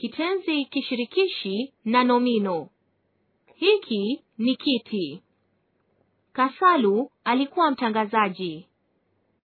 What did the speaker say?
kitenzi kishirikishi na nomino. Hiki ni kiti. Kasalu alikuwa mtangazaji.